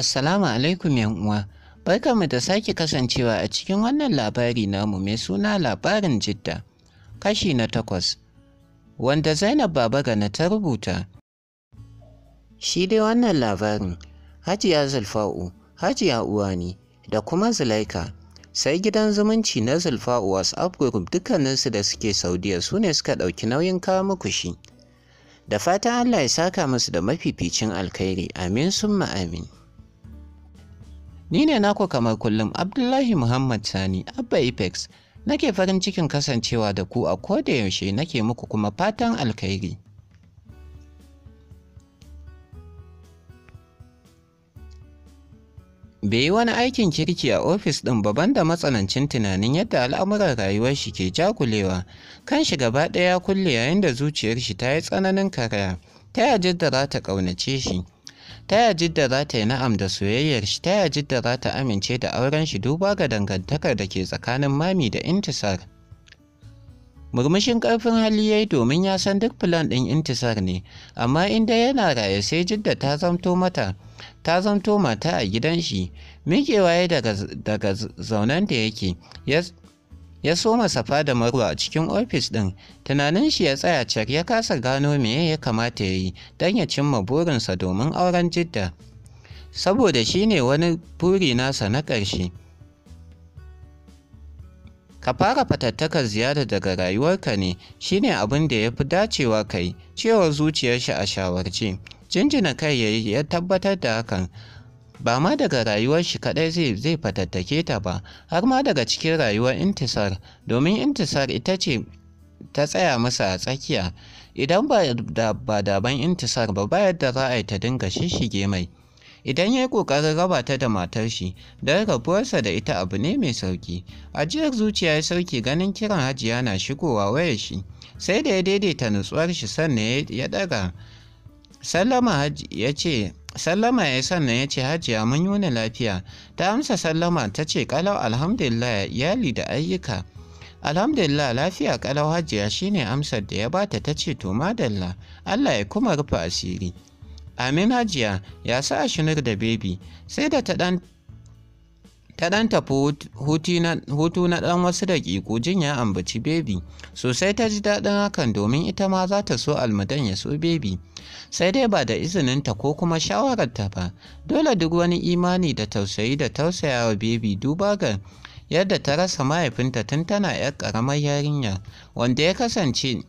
Assalamu alaikum yan uwa. Barkanmu da sake kasancewa a cikin wannan labari namu mai suna labarin jidda. Kashi na takwas. Wanda Zainab na ta rubuta. Shi dai wannan labarin, Hajiya Zulfa'u, Hajiya Uwani da kuma Zulaika. Sai gidan zumunci na Zulfa'u WhatsApp group dukkaninsu da suke Saudiya su ne suka ɗauki nauyin kawo muku shi. Da fatan Allah ya saka musu da mafificin alkhairi, amin summa amin. Ni ne nako kamar kullum Abdullahi Muhammad Sani Abba Apex nake farin cikin kasancewa da ku a kodayaushe nake muku kuma fatan alkhairi. Bai yi wani aikin kirki a ofis ɗin ba da matsanancin tunanin yadda al'amuran rayuwar shi ke jakulewa, kan shi gaba ɗaya kulle yayin da zuciyar shi ta yi tsananin karaya, ta yajin da za ta ƙaunace shi. ta ya jidda za ta yi na'am da soyayyar shi ta ya jidda za ta amince da auren shi duba ga dangantakar da ke tsakanin mami da intisar murmushin ƙarfin hali ya yi domin ya san duk filan ɗin intisar ne amma inda yana raye sai jidda ta zamto mata ta zamto mata a gidan shi miƙewa ya daga zaunen da yake ya soma safa da marwa a cikin ofis ɗin tunanin shi ya tsaya cak ya kasa gano meye ya kamata ya yi don ya cimma burinsa domin auren jidda saboda shi ne wani buri nasa na ƙarshe ka fara fatattakar ziyara daga rayuwarka ne shine abin da ya fi dacewa kai cewar zuciyar shi a shawarce jinjina kai ya ya tabbatar da hakan ba ma daga rayuwar shi kaɗai zai zai fatattake ta ba har ma daga cikin rayuwar intisar domin intisar ita ce ta tsaya masa a tsakiya idan ba da ba daban intisar ba bayar da za a yi ta dinga shishige mai idan ya yi ƙoƙarin raba ta da matar shi don rabuwarsa da ita abu ne mai sauki ajiyar zuciya ya sauki ganin kiran hajiya na shigowa wayar shi sai da ya daidaita nutsuwar shi sannan ya ɗaga sallama ya ce sallama ya sannan ya ce hajiya mun yi lafiya ta amsa sallama ta ce kalau alhamdulillah iyali da ayyuka alhamdulillah lafiya kalau hajiya shine amsar da ya bata ta ce to madalla allah ya kuma rufe asiri amin hajiya ya sa a da bebi sai da ta dan ta ɗan tafi hutu na ɗan wasu daƙiƙu jin ya ambaci bebi sosai ta ji daɗin hakan domin ita ma za ta so almadan ya so bebi sai dai ba da izininta ko kuma shawararta ba dole duk wani imani da tausayi da tausayawa bebi duba ga yadda ta rasa mahaifinta tun tana 'yar ƙaramar yarinya wanda ya kasance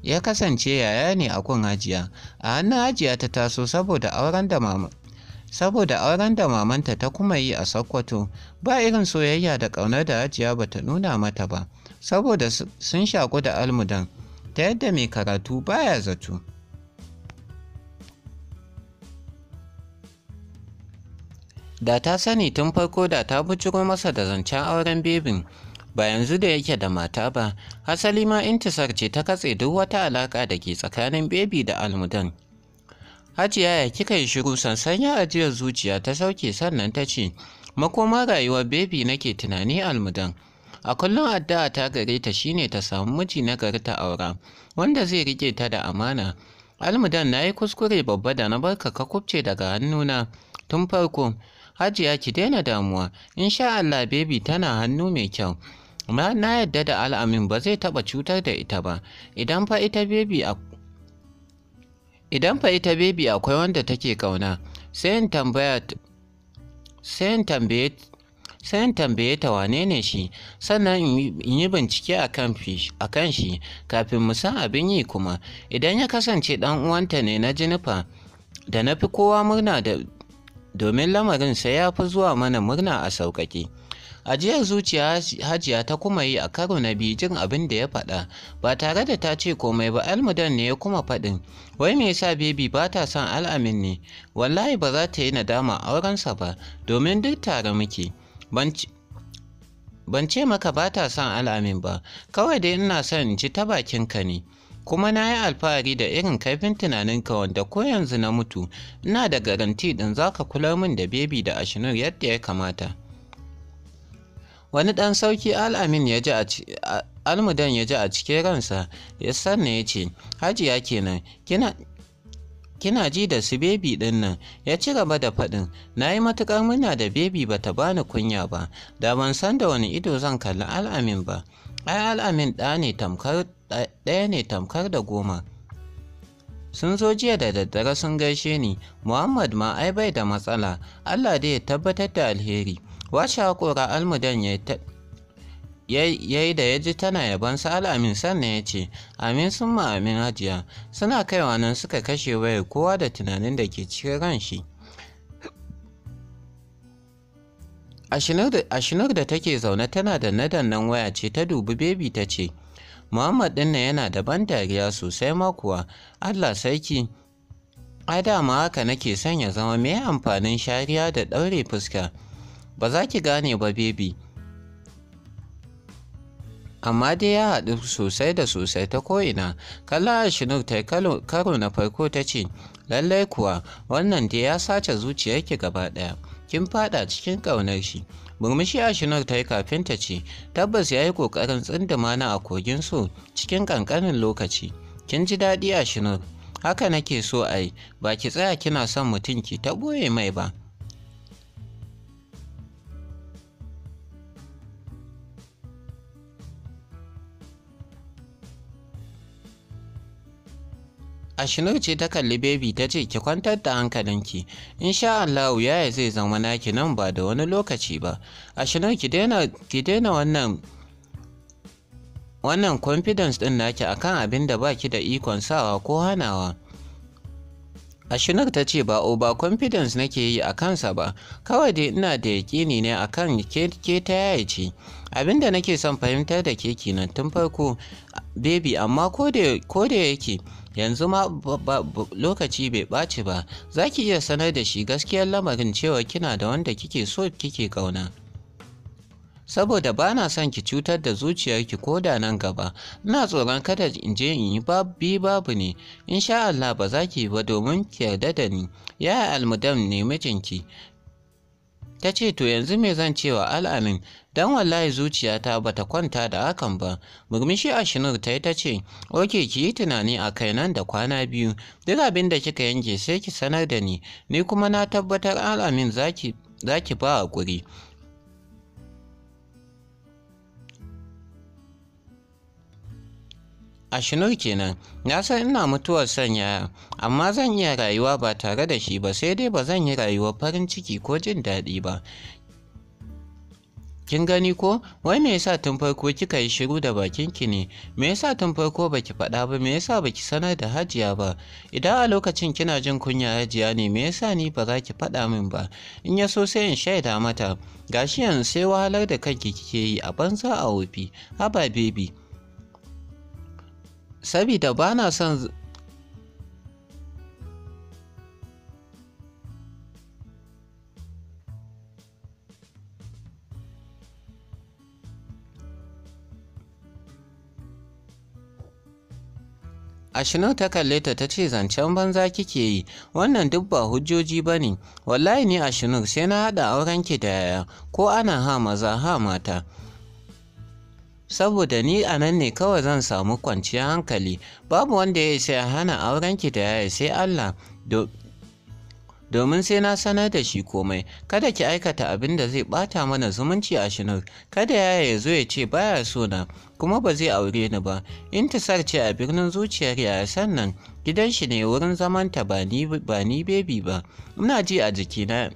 ya kasance yaya ne a kun hajiya a hannun hajiya ta taso saboda auren da mama saboda auren da mamanta ta kuma yi a Sokoto ba irin soyayya da ƙaunar da Hajiya ba ta nuna mata ba saboda sun shaƙu da almudan ta yadda mai karatu baya zato. Da ta sani tun farko da ta bujiro masa da zancen auren bebin ba yanzu da yake da mata ba, hasali ma intisar ce ta katse duk wata alaƙa da ke tsakanin bebi da almudan. Hajiya ya kika yi shiru sansan ya ajiyar zuciya ta sauke sannan ta ce, Makomar rayuwar bebi nake tunani almudan. A kullum addu'a ta gare ta shine ta samu miji na gari ta aura, wanda zai rike ta da amana. Almudan na yi kuskure babba da na barka ka kubce daga hannuna tun farko. Hajiya ki daina damuwa, In sha Allah bebi tana hannu mai kyau. Na yadda da al'amin ba zai taɓa cutar da ita ba, idan fa ita bebi a idan fa ita bebi akwai wanda take kauna sai in tambaye ta wane ne shi sannan in yi bincike a kan shi kafin mu san abin yi kuma idan ya kasance ɗan uwanta ne na jinifa da na fi kowa murna domin lamarin sai ya fi zuwa mana murna a sauƙaƙe ajiyar zuciya hajiya ta kuma yi a karo na biyu jin abin da ya faɗa ba tare da ta ce komai ba almudan ne ya kuma faɗin wai me yasa bebi ba ta son al'amin ne wallahi ba za ta yi nadama a aurensa ba domin duk tare muke ban ce maka ba ta son al'amin ba kawai dai ina son in ci ta bakin ka ne kuma na yi alfahari da irin kaifin tunaninka wanda ko yanzu na mutu ina da garanti ɗin za ka kula min da bebi da ashinur yadda ya kamata wani ɗan sauki al'amin ya almudan ya ji a cikin ransa ya sanna ya ce hajiya kenan kina kina ji da su bebi ɗin nan ya ci gaba da faɗin na yi matuƙar muna da bebi ba ta bani kunya ba da ban san da wani ido zan kalli al'amin ba ai al'amin ɗaya ne tamkar da goma sun zo jiya da daddare sun gaishe ni muhammad ma ai bai da matsala allah dai ya tabbatar da alheri washe kura almudan ya yi da ya ji tana yabon su al'amin sannan ya ce amin sun ma amin hajiya suna kaiwa nan suka kashe waya, kowa da tunanin da ke cikin ran shi ashinur da take zaune tana da nadannan waya ce ta dubi bebi ta ce muhammad ɗin yana da ban dariya sosai ma kuwa allah sarki ai dama haka nake son ya zama mai amfanin shariya da ɗaure fuska ba za ki gane ba bebi amma dai ya haɗu sosai da sosai ta ko'ina kala shinuk ta karo na farko ta ce lallai kuwa wannan dai ya sace zuciyarki gaba ɗaya kin fada cikin ƙaunar shi murmushi a shinar ta yi kafin ta ce tabbas ya yi ƙoƙarin tsindimana na a kogin so cikin ƙanƙanin lokaci kin ji daɗi a shinar haka nake so a yi ba ki tsaya kina son mutum ki ta ɓoye mai ba Ashinur ce ta kalli Baby ta ce ki kwantar da hankalinki, insha Allahu yaya zai zama naki nan ba da wani lokaci ba. Ashinur ki daina wannan wannan confidence ɗin naki akan abin da baki da ikon sawa ko hanawa. Ashinar ta ce ba o oh, ba confidence nake yi a kansa ba, kawai dai ina da yakini ne akan kan ke ta yaya ce. Abin da nake son fahimtar da ke kenan tun farko, bebi amma ko da yake yanzu ma lokaci bai ɓaci ba za ki iya sanar da shi gaskiyar lamarin cewa kina da wanda kike so kike ƙauna saboda ba na son ki cutar da zuciyarki ko da nan gaba ina tsoron kada in je in yi bi babu ne insha Allah ba za ki ba domin ki yarda da ni ya almudam ne mijinki ta ce to yanzu me zan cewa al'amin dan wallahi zuciyata bata kwanta da hakan ba murmushi a shinur ta ta ce oke ki yi tunani a kai nan da kwana biyu duk abin da kika yanke sai ki sanar da ni ni kuma na tabbatar al'amin zaki zaki ba hakuri A shinur kenan, na san ina mutuwar son amma zan iya rayuwa ba tare da shi ba sai dai ba zan yi rayuwar farin ciki ko jin daɗi ba. Kin gani ko, wai me yasa tun farko kika yi shiru da bakin ki ne, me yasa tun farko baki faɗa ba, me yasa baki sanar da hajiya ba, idan a lokacin kina jin kunya hajiya ne, me yasa ni ba za ki faɗa min ba, in ya so sai in shaida mata, gashi yanzu sai wahalar da kanki kike yi a banza a wofi, haba bebi, sabida ba na son Ashino ta kalle ta ta ce zancen banza kike yi wannan duk ba hujjoji ba ne wallahi shi Ashino sai na haɗa aurenki da yaya ko ana ha maza ha mata saboda ni a nan ne kawai zan samu kwanciyar hankali babu wanda ya isa ya hana aurenki da yaya sai Allah domin sai na sanar da shi komai kada ki aikata abin da zai bata mana zumunci a shinar kada yaya ya zo ya ce baya so na kuma ba zai aure ni ba In intisar ce a birnin zuciyar yaya sannan gidan shi ne wurin zamanta ba ni bebi ba ina ji a jikina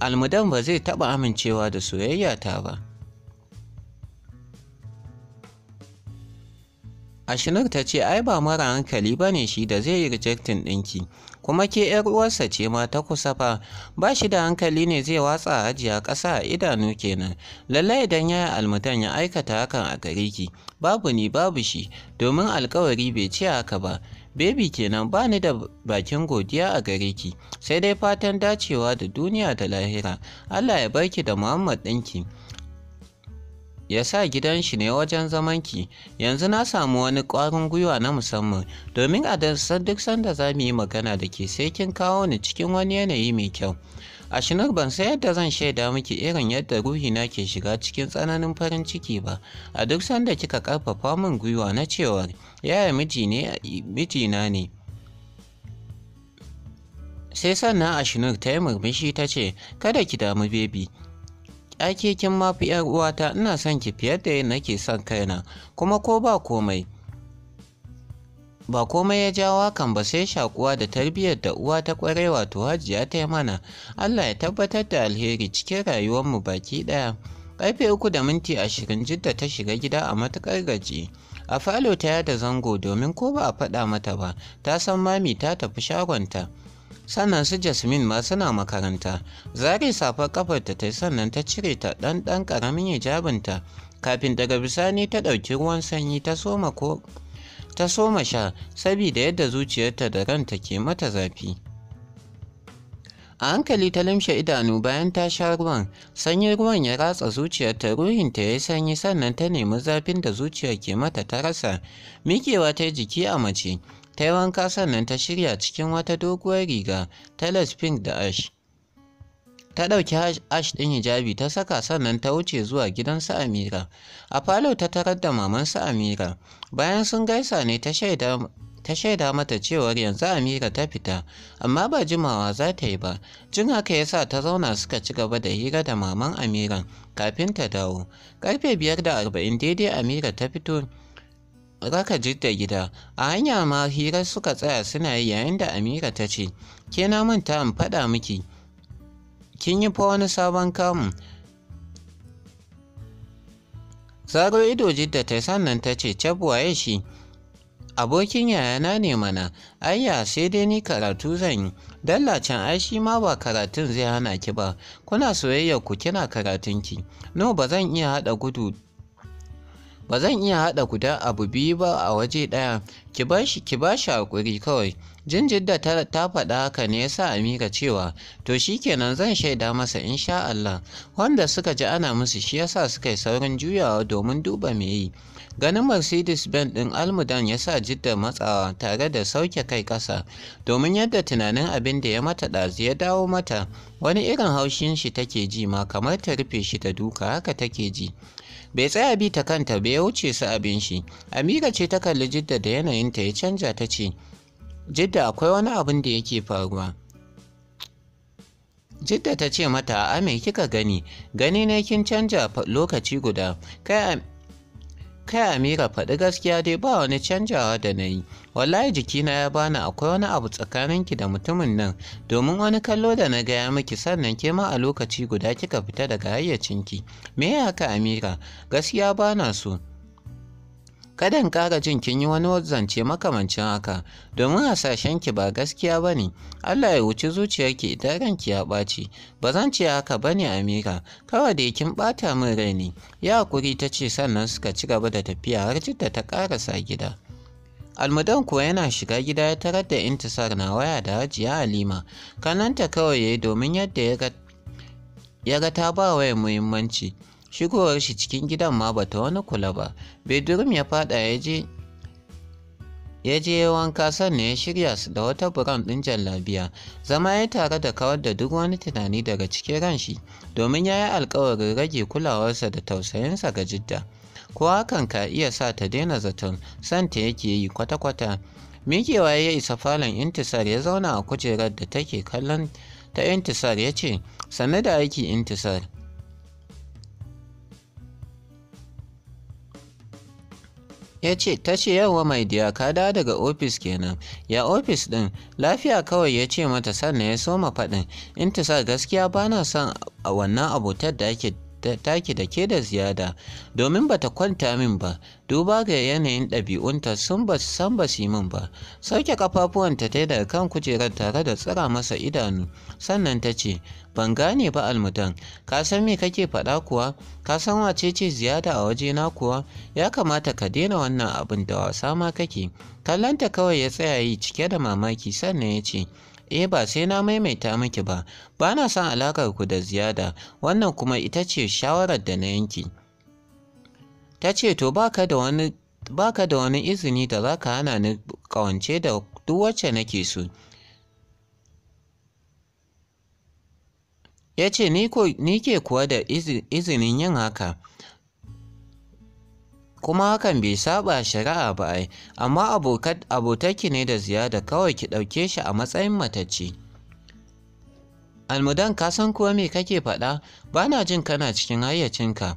almudan ba zai taɓa amincewa da soyayya ta ba Ashinar ta ce ai ba mara hankali ba ne shi da zai yi rejectin ɗinki, kuma ke ‘yar uwarsa ce ma ta kusa fa, ba shi da hankali ne zai watsa hajiya ƙasa a idanu kenan, lallai idan ya yi almutan ya aikata hakan a gare ki, babu ni babu shi, domin alkawari bai ce haka ba. bebi kenan ba ni da bakin godiya a gare ki, sai dai fatan dacewa da duniya da lahira, Allah ya barki da Muhammad ɗinki. ya sa gidan shi ne wajen zaman ki yanzu na samu wani ƙwarin gwiwa na musamman domin a duk sanda za mu yi magana da ke sai kin kawo ni cikin wani yanayi mai kyau a shinar ban sai yadda zan shaida miki irin yadda ruhina ke shiga cikin tsananin farin ciki ba a duk sanda kika karfafa min gwiwa na cewar yaya mijina ne sai sannan a shinur ta yi murmushi ta ce kada ki damu bebi Ake kin ma fi uwata ina son ki fiye da nake son kaina kuma ko ba komai ba komai ya jawo hakan ba sai shakuwa da tarbiyyar da uwa ta kwarai wato hajiya ta yi mana Allah ya tabbatar da alheri cikin rayuwar mu baki ɗaya. Karfe uku da minti ashirin jidda ta shiga gida a matuƙar gaji. A falo ta yada zango domin ko ba a faɗa mata ba, ta san mami ta tafi shagonta. sannan su jasmin ma suna makaranta zare safar kafarta ta sannan ta cire ta ɗan ɗan ƙaramin hijabinta kafin daga bisani ta ɗauki ruwan sanyi ta soma ko ta soma sha sabida yadda zuciyarta da ranta ke mata zafi a hankali ta limshe idanu bayan ta sha ruwan sanyin ruwan ya ratsa zuciyarta ruhinta ya yi sanyi sannan ta nemi zafin da zuciyar ke mata ta rasa miƙewa ta jiki a mace ta yi wanka sannan ta shirya cikin wata doguwar riga ta pink da ash ta ɗauki ash ɗin hijabi ta saka sannan ta wuce zuwa gidan su amira a falo ta tarar da maman su amira bayan sun gaisa ne ta shaida ta shaida mata cewar yanzu Amira ta fita, amma ba jimawa za ta yi ba, jin haka yasa ta zauna suka ci gaba da hira da maman Amira kafin ta dawo. Karfe biyar da arba'in daidai Amira ta fito raka jidda gida a hanya ma hira suka tsaya suna yi yayin da amira ta ce ke na manta in faɗa miki kin yi fa wani sabon kamun zaro ido jidda ta sannan ta ce ya shi abokin yayana ne mana ayya sai dai ni karatu zan yi Dalla can ai shi ma ba karatun zai hana ki ba kuna soyayya ku kina karatunki ki no ba zan iya haɗa gudu ba zan iya haɗa guda abu biyu ba a waje ɗaya ki ba shi ki ba shi kawai jinjidda ta, ta faɗa haka ne ya sa amira cewa to shikenan zan shaida masa insha Allah wanda suka ji ana musu shi yasa suka yi saurin juyawa domin duba me yi Ganin Mercedes-Benz ɗin Almudan ya sa Jidda matsawa tare da sauke kai ƙasa domin yadda tunanin abin da ya mata ɗazu ya dawo mata wani irin haushin shi take ji ma kamar ta rufe shi ta duka haka take ji. Bai tsaya bi ta kanta bai wuce su abin shi. Amira ce ta kalli Jidda da yanayinta ya canja ta ce, Jidda akwai wani abin da yake faruwa. Jidda ta ce mata, me kika gani, gani ne kin canja lokaci guda, kai kai amira faɗi gaskiya dai ba wani canjawa da na yi wallahi jikina ya bani akwai wani abu tsakaninki da mutumin nan domin wani kallo da na gaya miki sannan ke ma a lokaci guda kika fita daga hayyacinki me ya haka amira gaskiya bana so kada in ƙara jin kin yi wani zance makamancin haka domin hasashen ki ba gaskiya ba ne allah ya wuce zuciyarki idan ranki ya ɓaci ba zan ce haka ba ne amira kawai da ya kin ɓata min rai ne ya hakuri ta ce sannan suka ci gaba da tafiya har jidda ta ƙarasa gida almudan kuwa yana shiga gida ya tarar da intisar na waya da hajiya halima kananta kawai ya yi domin yadda ya ga ta ba waya muhimmanci shigowar shi cikin gidan ma bata wani kula ba bedroom ya fada ya je ya je wanka sannan ya shirya su da wata buram ɗin jallabiya zama ya tare da kawar da duk wani tunani daga cikin ran shi domin ya yi alkawarin rage kulawarsa da tausayinsa ga jidda ko hakan ka iya sa ta daina zaton santa yake yi kwata-kwata mikewa ya isa falon intisar ya zauna a kujerar da take kallon ta intisar ya ce sannu da aiki intisar ya ce ta ce yawa mai diya ka da daga ofis kenan ya ofis ɗin lafiya kawai ya ce mata sannan ya soma faɗin in ta sa gaskiya ba na son wannan abotar da ake taki da ke da ziyada domin bata kwanta min ba duba ga yanayin ɗabi'unta sun ba san ba su min ba sauke kafafuwanta ta daga kan kujerar tare da tsira masa idanu sannan ta ce ban gane ba almudan ka san me kake faɗa kuwa ka san wace ce ziyada a wajena kuwa ya kamata ka daina wannan abin da wasa ma kake kallanta kawai ya tsaya yi cike da mamaki sannan ya ce E, ba sai na maimaita miki ba ba na son alakar ku da ziyada wannan kuma ita ce shawarar da na yanki ta ce to baka da wani baka da wani izini da zaka hana ni kawance da duk wacce nake so ya ce ni ke kuwa da izinin yin haka kuma hakan bai saba shari'a ba ai amma abotaki ne da ziyada kawai ki ɗauke shi a matsayin matacci almudan ka san kuwa me kake faɗa ba na jin kana cikin hayyacinka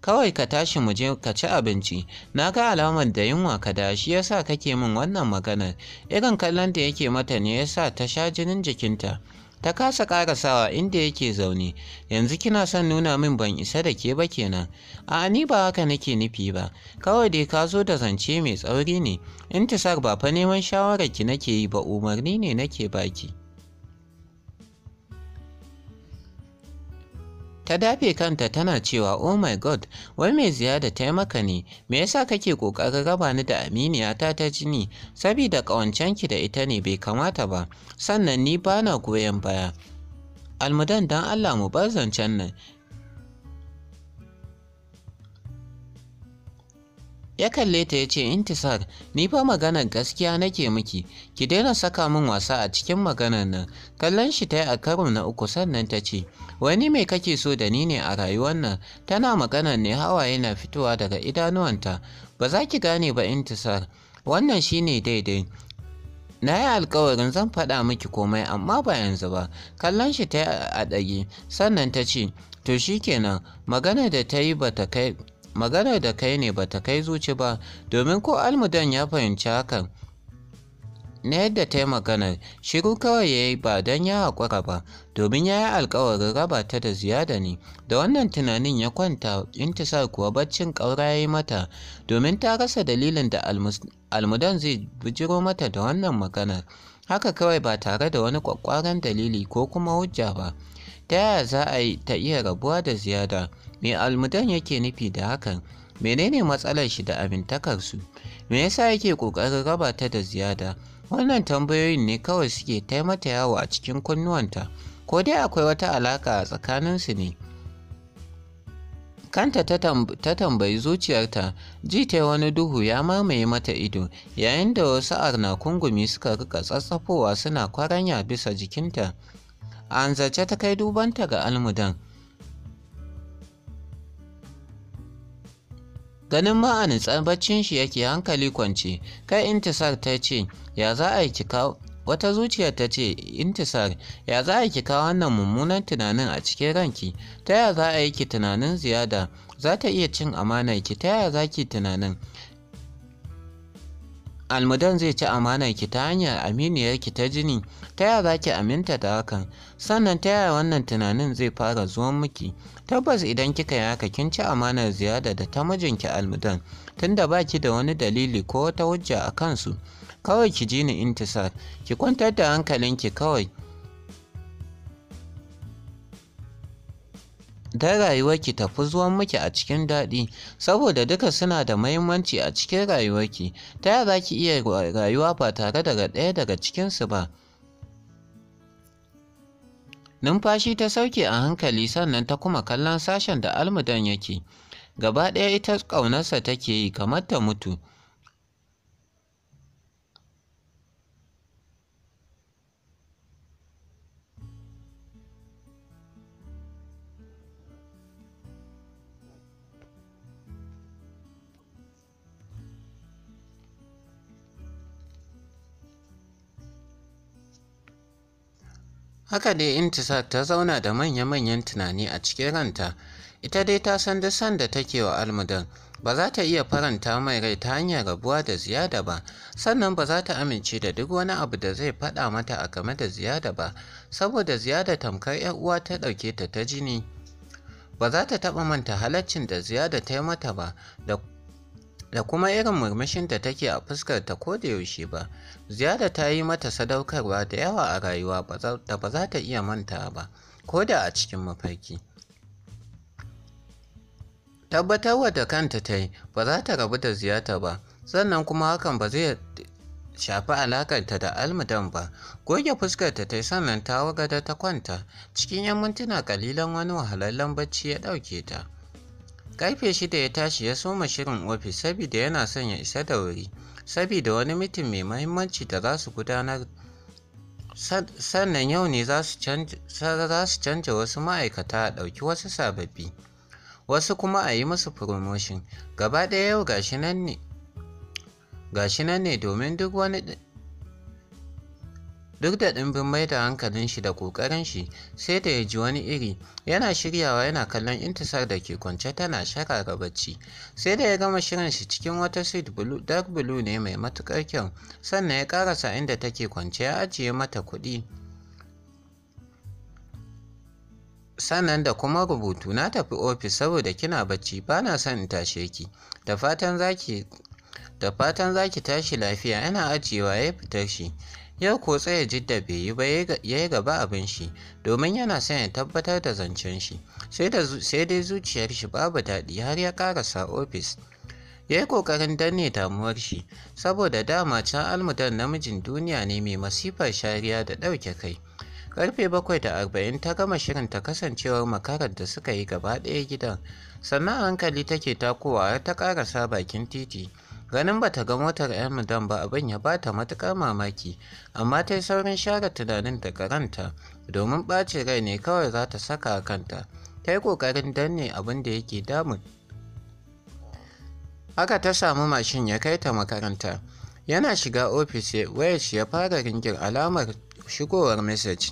kawai ka tashi mu je ka ci abinci na ga alamar da yunwa ka da shi yasa kake min wannan maganar irin kallon da yake mata ne yasa ta sha jinin jikinta ta kasa sawa inda yake zaune yanzu kina son nuna min ban isa da ke ba kenan a ni ba haka nake nufi ba kawai dai ka zo da zance mai tsauri ne intisar ba fa neman shawarar ki nake yi ba umarni ne nake baki ta dafe kanta tana cewa oh my god wai mai ziyada ta maka ne me yasa kake kokarin raba ni da aminiyata ta ta jini saboda ki da ita ne bai kamata ba sannan ni bana goyon baya almudan dan Allah mu bar zancen nan ya kalle ta ya ce intisar ni fa maganar gaskiya nake miki ki daina saka min wasa a cikin maganar nan kallon shi ta yi a karo na uku sannan ta ce wani mai kake so da ni ne a rayuwar nan tana maganar ne hawaye na fitowa daga idanuwanta ba za ki gane ba intisar wannan shine daidai na yi alkawarin zan faɗa miki komai amma ba yanzu ba kallon shi ta yi a ɗage sannan ta ce to kenan, maganar da ta yi ba ta kai maganar da kai ne bata kai zuci ba domin ko almudan ya fahimci hakan na yadda ta yi magana, shiru kawai ya yi ba don ya haƙura ba domin ya yi alkawarin raba ta da ziyada ne da wannan tunanin ya kwanta in ta sa kuwa baccin ƙaura ya yi mata domin ta rasa dalilin da almudan zai bijiro mata da wannan maganar haka kawai ba tare da wani ƙwaƙƙwaran dalili ko kuma hujja ba ta yaya za a yi ta iya rabuwa da ziyada me almudan yake nufi da hakan menene matsalar shi da amintakarsu me yasa yake ƙoƙarin raba ta da ziyada wannan tambayoyin ne kawai suke taimata yawo a cikin kunnuwanta ko dai akwai wata alaƙa a tsakaninsu ne kanta ta tambayi zuciyarta ji ta wani duhu ya mamaye mata ido yayin da wasu arnakun gumi suka rika tsatsafowa suna kwaranya bisa jikinta an zace ta kai dubanta ga almudan ganin ma a nitsan baccin shi yake hankali kwance kai intisar ta ce ya za a ki kawo wata zuciyar ta ce intisar ya za a ki kawo wannan mummunan tunanin a cikin ranki ta ya za a yi ki tunanin ziyada za ta iya cin amanar ki ta ya za ki tunanin almudan zai ci amanar ki ta hanyar aminiyar ki ta jini ta ya za ki aminta da hakan sannan ta yaya wannan tunanin zai fara zuwan miki tabbas idan kika yi haka kin ci amanar ziyada da ta mijinki almudan tunda ba ki da wani dalili ko wata hujja a kansu kawai ki ji ni intisar ki kwantar da hankalinki kawai Dan rayuwarki tafi tafi zuwan miki a cikin daɗi saboda duka suna da muhimmanci a cikin rayuwarki ta za ki iya rayuwa ba tare daga ɗaya daga cikinsu ba Numfashi ta sauke a hankali sannan ta kuma kallon sashen da almudan yake. Gaba ɗaya ita ƙaunarsa take yi kamar ta mutu. Haka dai Intisar ta zauna da manya-manyan tunani a cikin ranta, ita dai ta san duk sanda take wa almudan ba za ta iya faranta mai rai ta hanyar rabuwa da ziyada ba, sannan ba za ta amince da duk wani abu da zai faɗa mata a game da ziyada ba, saboda ziyada tamkar uwa ta ɗauke ta ta jini. Ba za ta taɓa manta halaccin da ziyada ta yi mata ba da da kuma irin murmushin da take a fuskarta ko da yaushe ba ziyara ta yi mata sadaukarwa da yawa a rayuwa da ba za ta iya manta ba ko da a cikin mafarki tabbatarwa da kanta ta yi ba za ta rabu da ziyata ba sannan kuma hakan ba zai shafi alakarta da almudan ba goge fuskar ta ta yi sannan ta wagada ta kwanta cikin 'yan mintuna kalilan wani wahalallen bacci ya ɗauke ta Ƙarfe shida ya tashi ya soma shirin ofis saboda yana son ya isa da wuri, saboda wani mitin mai mahimmanci da za su gudanar. Sannan yau ne za su canja wasu ma'aikata a ɗauki wasu sababbi, wasu kuma a yi musu promotion. Gaba ɗaya yau gashi nan nan ne domin duk wani duk da ɗimbin mai da hankalin shi da ƙoƙarin shi sai da ya ji wani iri yana shiryawa yana kallon intisar da ke kwance tana sharara bacci sai da ya gama shirin shi cikin wata suit blue dark blue ne mai matuƙar kyau sannan ya ƙarasa inda take kwance ya ajiye mata kuɗi sannan da kuma rubutu na tafi ofis saboda kina bacci ba na son in tashe ki da fatan za ki da fatan za tashi lafiya yana ajiyewa ya fitar shi Yau ko tsaye jidda bai yi ba ya yi gaba abin shi domin yana son ya tabbatar da zancen shi sai dai zuciyar shi babu daɗi har ya ƙarasa ofis. Ya yi ƙoƙarin danne damuwar shi saboda dama can almudan namijin duniya ne mai masifar shariya da ɗauke kai. Karfe bakwai da arba'in ta gama shirin ta kasancewar makarar da suka yi gaba ɗaya gidan sannan hankali take takowa har ta ƙarasa bakin titi. ganin bata ga motar 'yan ba abin ya bata matuƙar mamaki amma ta yi saurin share tunanin da karanta domin ɓace rai ne kawai za ta saka a kanta ta yi ƙoƙarin danne abin da yake damun haka ta samu mashin ya kai ta makaranta yana shiga ofis wayar shi ya fara ringin alamar shigowar message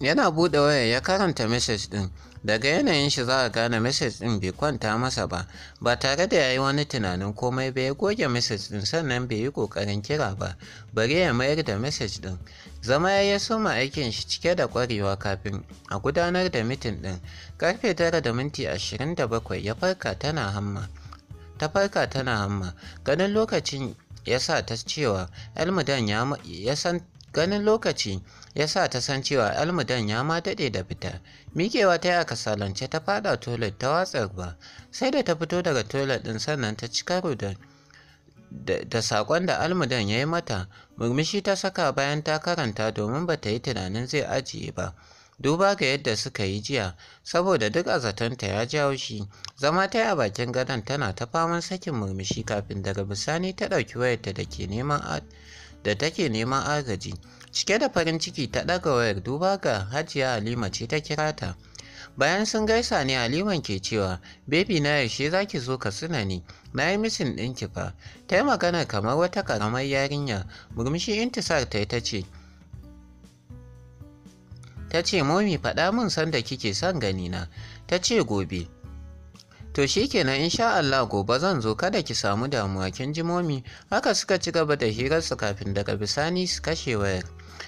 yana buɗe waya ya karanta message ɗin daga yanayin shi za a gane message din bai kwanta masa ba ba tare da ya yi wani tunanin komai ba ya goge message din sannan bai yi ƙoƙarin kira ba bari ya mayar da message din. zama ya yi soma aikin shi cike da kwarewa kafin a gudanar da mitin ɗin karfe tara da minti ashirin da bakwai ya farka tana hamma ta farka tana hamma ganin lokacin ya sa ta cewa elmudan ya san ganin lokaci ya sa ta san cewa almudan ya ma daɗe da fita miƙewa ta yi a kasalance ta fada toilet ta watsa ba. sai da ta fito daga toilet ɗin sannan ta ci karo da da saƙon da almudan ya yi mata murmushi ta saka bayan ta karanta domin ba ta yi tunanin zai ajiye ba duba ga yadda suka yi jiya saboda duk a ta ya jawo shi zama ta yi a bakin gadon tana ta faman sakin murmushi kafin daga bisani ta ɗauki wayarta da ke da take neman agaji Cike da farin ciki ta ɗaga wayar duba ga Hajiya Halima ce ta kira ta. Bayan sun gaisa ne Haliman ke cewa, bebi na yaushe za ki zo ka suna ni, na yi misin ɗinki fa. Ta yi magana kamar wata ƙaramar yarinya, murmushi intisar ta yi ta ce, Ta ce, Momi faɗa min sanda kike son gani na. Ta ce gobe, To shi kenan sha Allah gobe zan zo kada ki samu damuwa kin ji momi haka suka ci gaba da hirarsu kafin daga bisani su kashe wayar.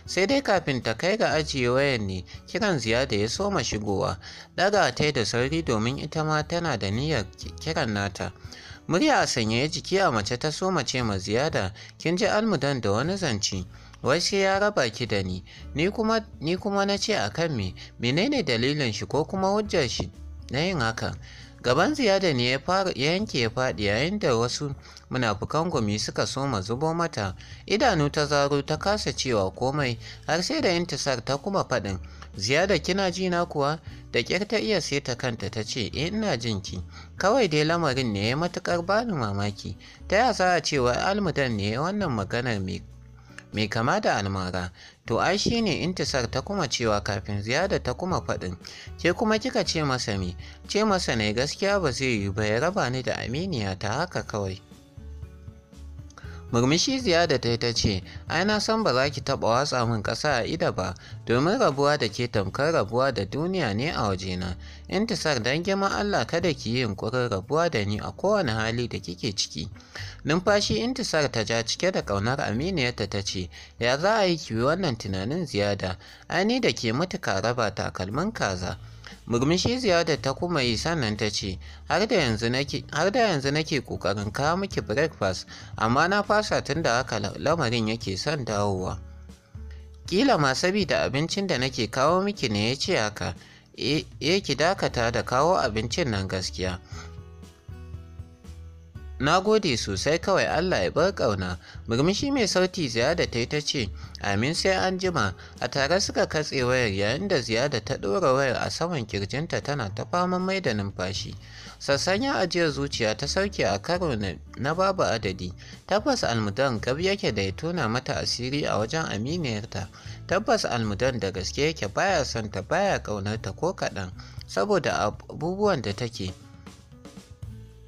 sai dai kafin ta kai ga ajiye wayan ne kiran ziyada ya soma shigowa daga ta da sauri domin ita ma tana da niyyar kiran nata murya a sanyaya jiki a mace ta soma ce ma ziyada kin ji almudan da wani zanci wai sai ya raba ki da ni ni kuma na ce a kan me menene dalilin shi ko kuma hujjar shi na yin haka gaban ziyada ne ya fara yanke ya faɗi yayin da wasu munafukan gumi suka soma zubo mata idanu ta zaro ta kasa cewa komai har sai da intisar ta kuma faɗin ziyada kina ji na kuwa da ƙyar ta iya sai ta kanta ta ce e ina jin ki kawai dai lamarin ne ya matukar bani mamaki ta ya sa cewa almudan ne wannan maganar mai kama da almara To ai shi ne intisar ta kuma cewa kafin ziyada ta kuma faɗin, ke kuma kika ce masa me, ce masa ne gaskiya ba zai yi ba ya raba ni da aminiya ta haka kawai. murmushi ziyada ta ta ce ai na san ba za ki taɓa watsa min ƙasa a ida ba domin rabuwa da ke tamkar rabuwa da duniya ne a waje wajena intisar dan gima allah kada ki yi yunƙurin rabuwa da ni a kowane hali da kike ciki numfashi intisar ta ja cike da ƙaunar aminiyarta ta ce ya za a yi ki wannan tunanin ziyada ai ni da ke mutu ka raba takalmin kaza murmushi ziyarar ta kuma yi sannan ta ce har da yanzu nake ƙoƙarin kawo miki breakfast amma na fasa tun da haka lamarin yake son dawowa kila ma sabida abincin da nake kawo miki ne ya ce haka e ki dakata da kawo abincin nan gaskiya Na gode sosai kawai Allah ya bar ƙauna. Murmushi mai sauti ziyada ta yi ta ce, Amin sai an jima. A tare suka katse wayar yayin da ziyada ta ɗora wayar a saman kirjinta tana ta faman mai da numfashi. Sassan ya ajiyar zuciya ta sauke a karo na babu adadi. Tabbas almudan gab yake da ya tona mata asiri a wajen aminiyarta. Tabbas almudan da gaske yake baya son ta baya ƙaunarta ko kaɗan saboda abubuwan da take.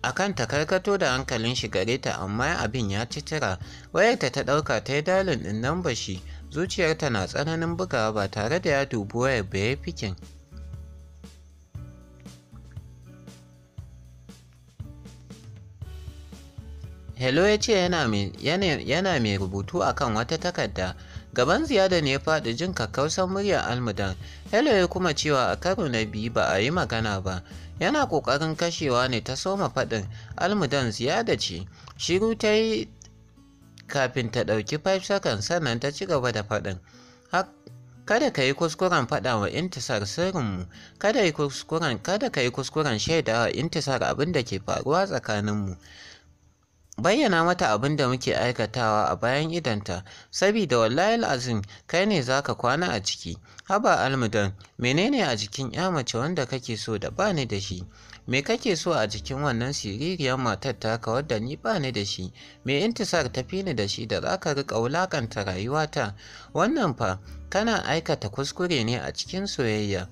akan kan takarkato da hankalin shi gare ta amma abin ya ci tira wayarta ta ɗauka ta yi dalin ɗin nan ba bashi zuciyarta na tsananin bugawa ba tare da ya dubi wayar ba ya fikin Hello ya ce yana mai rubutu a kan wata takarda. Gaban ziyada ne ya faɗi jin kakkausar muryar almudan. Hello ya kuma cewa a karo na biyu ba a yi magana ba. yana kokarin kashewa ne ta soma faɗin almudan ziyada ce shiru ta yi kafin ta ɗauki 5 seconds sannan ta ci gaba da faɗin kada ka yi kuskuren faɗa wa intisar sirrinmu kada ka yi kuskuren shaidawa intisar abin da ke faruwa tsakaninmu bayyana mata abin da muke aikatawa a bayan idanta sabida wallahi azim kai ne zaka kwana a ciki haba almudan menene a jikin ya mace wanda kake so da bani da shi me kake so a jikin wannan siririyar matar taka wadda ni bani da shi me intisar ta fi ni da shi da zaka rika wulaƙanta rayuwata wannan fa kana aikata kuskure ne a cikin soyayya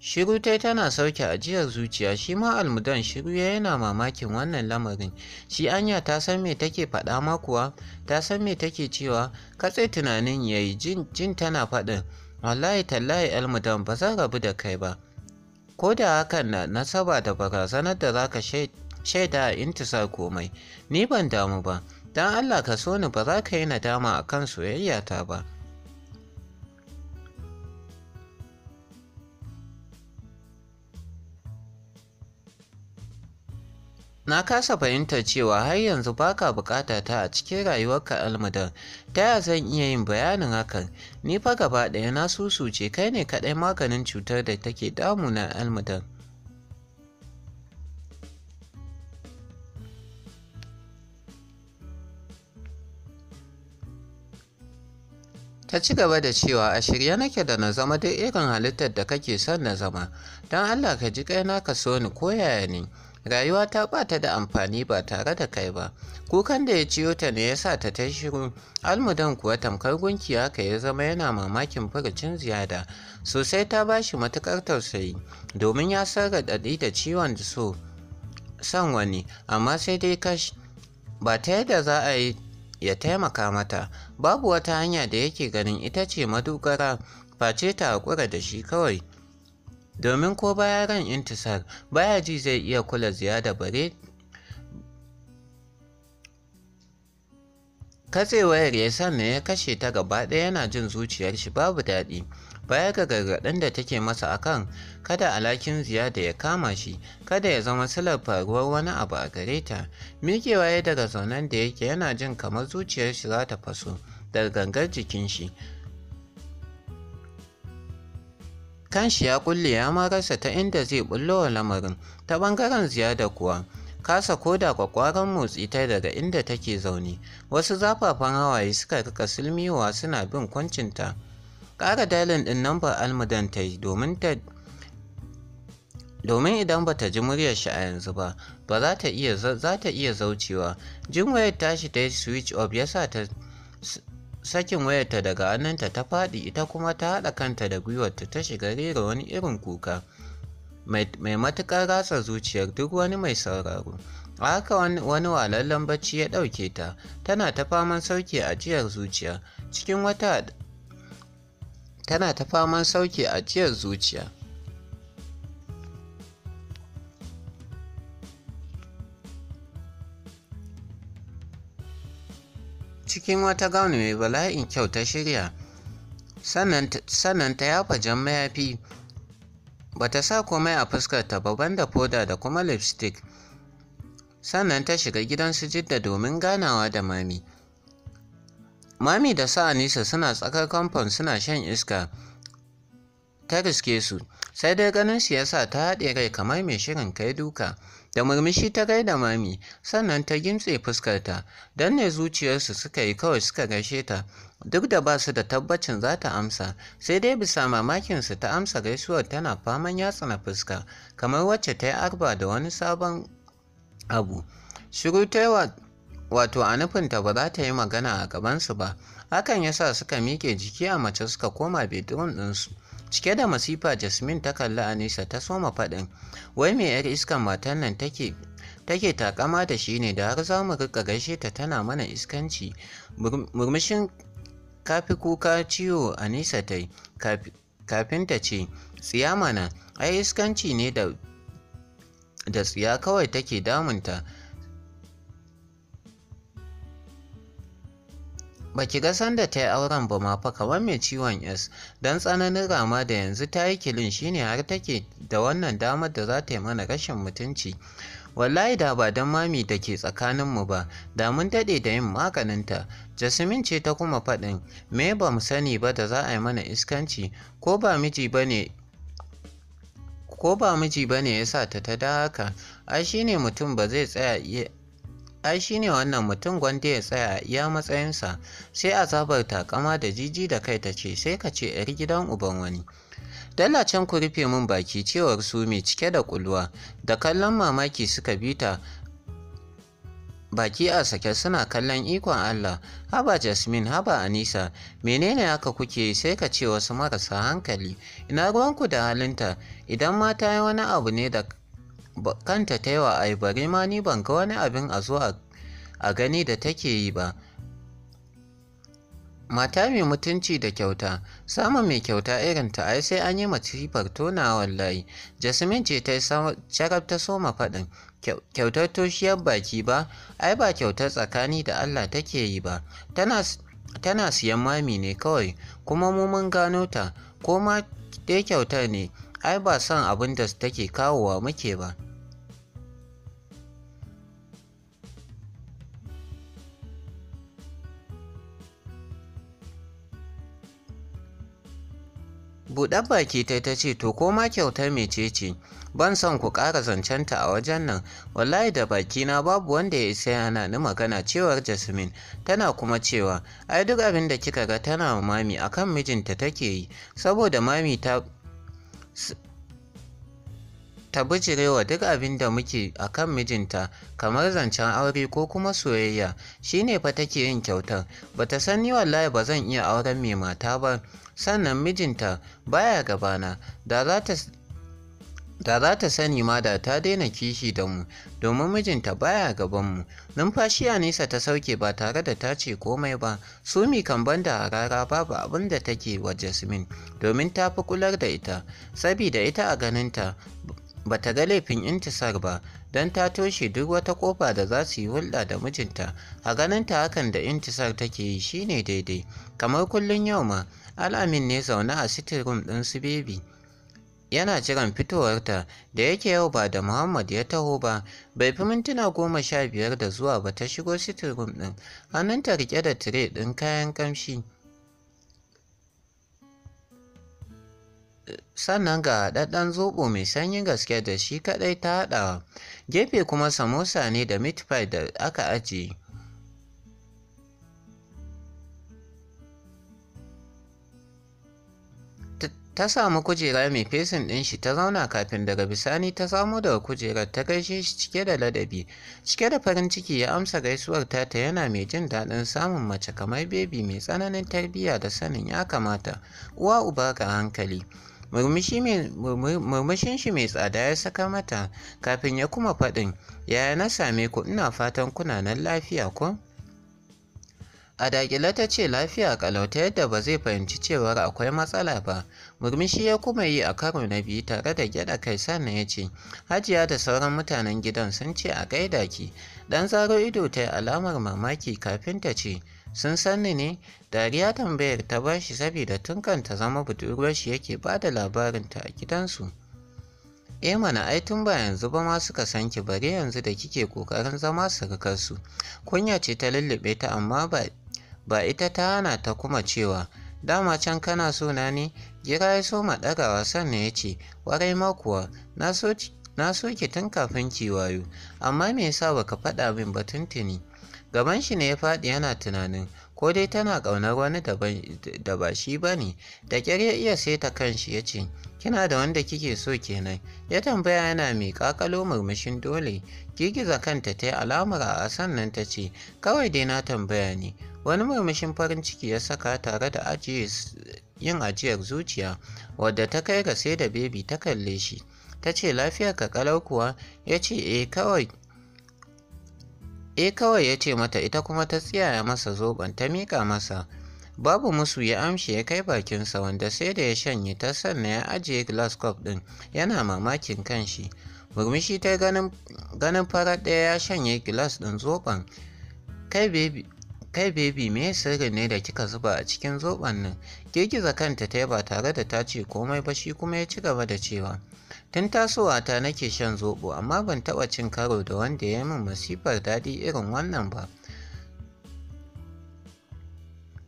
Shiru tai tana sauke ajiyar zuciya shi ma almudan shiru ya yana mamakin wannan lamarin shi anya ta san me take faɗa ma kuwa ta san me take cewa katse tunanin ya yi jin tana faɗin wallahi tallahi almudan ba zan rabu da kai ba ko da hakan na nasaba da barazanar da za ka shaida a intisar komai ni ban damu ba don allah ka so ni ba za ka yi nadama a kan soyayyata ba Na kasa fahimtar cewa har yanzu baka bukata ta a cikin rayuwarka almudan. Ta ya zan iya yin bayanin hakan? Ni fa gaba ɗaya na ce. kai ne kaɗai maganin cutar da take damuna almudan. Ta ci gaba da cewa a shirye nake da na zama duk irin halittar da kake son na zama, don Allah ka ji na ka so ni koyaya ne. rayuwa ta bata da amfani ba tare da kai ba kukan da ya ciyo ta ne ya sa ta ta shiru almudan kuwa tamkar gunki haka ya zama yana mamakin furucin ziyada sosai ta bashi matukar tausayi domin ya san raɗaɗi da ciwon so san wani amma sai dai kash ba ta yadda za a yi ya taimaka mata babu wata hanya da yake ganin ita ce madogara face ta haƙura da shi kawai domin ko baya ran intisar baya ji zai iya kula ziyada bare katsewayar ya sa ya kashe ta gaba ɗaya yana jin zuciyar shi babu daɗi baya ga gargaɗin da take masa akan kada alakin ziyada ya kama shi kada ya zama silar faruwar wani abu a gare ta miƙewa ya daga zaunen da yake yana jin kamar zuciyar shi za ta faso daga gangar jikin shi kanshi ya kulle ya ma rasa ta inda zai bullo wa lamarin ta ɓangaren ziyada kuwa kasa koda kwakwaran motsi ta daga inda take zaune wasu zafafan hawaye suka rika silmiwa suna bin kwancinta ƙara dalin nan nambar almudan ta yi domin ta domin idan bata ji muryar shi a yanzu ba ba za ta iya zaucewa jin wayar tashi ta switch off yasa ta sakin wayarta daga hannunta ta faɗi ita kuma ta haɗa kanta da gwiwarta ta shiga rera wani irin kuka mai matuƙar rasa zuciyar duk wani mai sauraro a haka wani walallen bacci ya ɗauke ta tana ta faman sauke ajiyar zuciya cikin wata tana ta faman sauke ajiyar zuciya cikin wata gauni mai bala'in kyau ta shirya sannan ta yafa jan mayafi ta sa komai a fuskarta ba banda foda da kuma lipstick sannan ta shiga gidan su jidda domin ganawa da mami mami da sa anisa suna tsakar kamfan suna shan iska ta riske su sai dai ganin su ya sa ta haɗe rai kamar mai shirin kai duka da murmushi ta gaida mami sannan ta gimtse fuskarta don ne zuciyarsu suka yi kawai suka gaishe ta duk da ba su da tabbacin za ta amsa sai dai bisa mamakinsu ta amsa gaisuwar tana faman yatsa na fuska kamar wacce ta yi arba da wani sabon abu shiru ta yi wato a nufinta ba za ta yi magana a gabansu ba hakan yasa suka miƙe jiki a mace suka koma bedroom ɗinsu cike da masifa jasmin ta kalli anisa ta soma faɗin wai me yar iskan matan nan take take takama da shi ne da har za mu rika gaishe ta tana mana iskanci murmushin kafi kuka ciwo anisa ta yi kafin ta ce tsiya mana ai iskanci ne da da tsiya kawai take damunta ba ki ga sanda ta yi auren ba ma fa kamar mai ciwon s don tsananin rama da yanzu ta yi kilin shine har take da wannan damar da za ta yi mana rashin mutunci wallahi da ba don mami da ke tsakaninmu ba da mun daɗe da yin maganinta jasmin ce ta kuma faɗin me ba mu sani ba da za a yi mana iskanci ko ba miji ba ne ko ba miji ba ne ya sa ta ta da haka ai shi ne mutum ba zai tsaya ai shi ne wannan mutum gwanda ya tsaya ya matsayinsa sai azabar takama da jiji da kai ta ce sai ka ce 'yar gidan uban wani dala can ku rufe min baki cewar su mai cike da kulwa da kallon mamaki suka bi ta baki a sake suna kallon ikon Allah haba Jasmin, haba Anisa menene haka kuke sai ka ce wasu marasa hankali ina ruwanku da halinta idan mata yi wani abu ne da kanta ta yawa ai bari ma ni ban ga wani abin a zo a gani da take yi ba mata mai mutunci da kyauta samun mai kyauta irin ta ai sai an yi macifar tona wallahi jasmin ce ta sharaf ta soma faɗin kyautar toshiyar baki ba ai ba kyautar tsakani da allah take yi ba tana siyan mami ne kawai kuma mu mun gano ta ko ma dai kyauta ne ai ba son abin da take kawowa muke ba buɗar baki ta ta ce to koma kyautar mece ce ban son ku ƙara zancenta a wajen nan wallahi da bakina babu wanda ya isa yana ni magana cewar jasmin tana kuma cewa ai duk abin da kika ga tana mami akan mijinta take yi saboda mami ta ta bijirewa duk abin da muke a kan mijinta kamar zancen aure ko kuma soyayya shi ne fa take yin kyautar ta san ni wallahi ba zan iya auren mai mata ba sannan mijinta baya gabana da za ta sani ma da ta daina kishi da mu domin mijinta baya gabanmu numfashi a nesa ta sauke ba tare da ta ce komai ba sumi kan banda a rara babu abin da take wa jasmin domin ta fi kular da ita sabida ita a ganinta ba ta ga laifin intisar ba don ta toshe duk wata kofa da za su yi hulɗa da mijinta a ganinta hakan da intisar take yi shine daidai kamar kullum yau ma al'amin ne zaune a rum ɗin su bebi yana jiran fitowarta da yake yau ba da Muhammad ya taho ba bai fi mintuna goma sha biyar da zuwa ba ta shigo sitirum ɗin hannunta rike da tire ɗin kayan ƙamshi sannan ga haɗaɗɗen zoɓo mai sanyin gaske da shi kaɗai ta haɗa gefe kuma samosa ne da meat pie da aka ajiye ta samu kujera mai fesin ɗin shi ta zauna kafin daga bisani ta samu daga kujerar ta gaishe shi cike da ladabi cike da farin ciki ya amsa gaisuwar ta ta yana mai jin daɗin samun mace kamar bebi mai tsananin tarbiyya da sanin ya kamata uwa uba ga hankali murmushin shi mai tsada ya saka mata kafin ya kuma faɗin yaya na same ku ina fatan kuna nan lafiya ko a dakile ta ce lafiya kalau yadda ba zai fahimci cewar akwai matsala ba murmushi ya kuma yi a karo na biyu tare da gyada kai sannan ya ce hajiya da sauran mutanen gidan sun ce a gaida ki dan zaro ido ta yi alamar mamaki kafin ta ce sun sanni ne dariya tambayar ta bashi saboda tun kan ta zama budurwar shi yake ba da labarinta a gidansu e mana ai tun ba yanzu ba ma suka san ki bare yanzu da kike kokarin zama surukarsu kunya ce ta lullube ta amma ba ba ita ta hana ta kuma cewa dama can kana so na ne gira ya so maɗagawa ne ya ce warai ma kuwa na so ki tun kafin ki wayo amma me yasa baka faɗa min batun tuni gaban shi ne ya faɗi yana tunanin ko dai tana ƙaunar wani da ba shi ba ne da ƙyar ya iya saita kanshi ya ce kina da wanda kike so kenan ya tambaya yana mai ƙaƙalo murmushin dole girgiza kanta ta yi alamar a sannan ta ce kawai dai na tambaya ne wani murmushin farin ciki ya saka tare da yin ajiyar zuciya wadda ta kai ga sai da bebi ta kalle shi ta ce lafiyar ka kalau kuwa ya ce eh kawai e kawai ya ce mata ita kuma ta tsiyaya masa zoben ta mika masa babu musu ya amshi ya kai bakinsa wanda sai da ya shanye ta sannan ya ajiye glass cup ɗin yana mamakin kanshi murmushi ta ganin farar ɗaya ya shanye glass ɗin zoben kai baby kai baby me sirrin ne da kika zuba a cikin zoben nan girgiza kanta ta ba tare da ta ce komai ba shi kuma ya ci gaba da cewa tun tasowa ta nake shan zobo amma ban taɓa cin karo da wanda ya min masifar daɗi irin wannan ba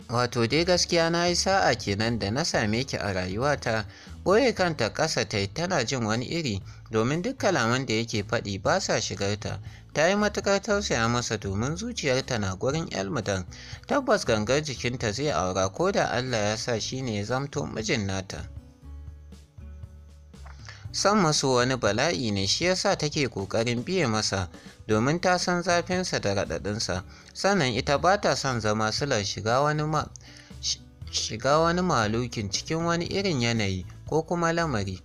wato dai gaskiya na yi sa'a kenan da na same ki a rayuwata ɓoye kanta ƙasa ta tana jin wani iri domin duk kalaman da yake faɗi ba sa shigarta ta yi matuƙar tausaya masa domin zuciyarta na gurin elmudan tabbas gangar jikinta zai aura ko da allah ya sa shi ne zamto mijin nata san masu wani bala'i ne shi yasa take ƙoƙarin biye masa domin ta san zafinsa da raɗaɗinsa sannan ita ba ta son zama sula shiga wani ma malukin cikin wani irin yanayi ko kuma lamari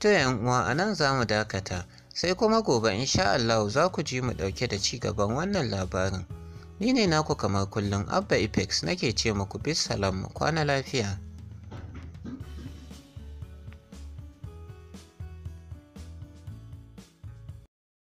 to uwa a nan za mu dakata sai kuma gobe insha Allah za ku ji mu ɗauke da ci gaban wannan labarin. Ni ne naku kamar kullum Abba Apex nake ce muku bis salam kwana lafiya.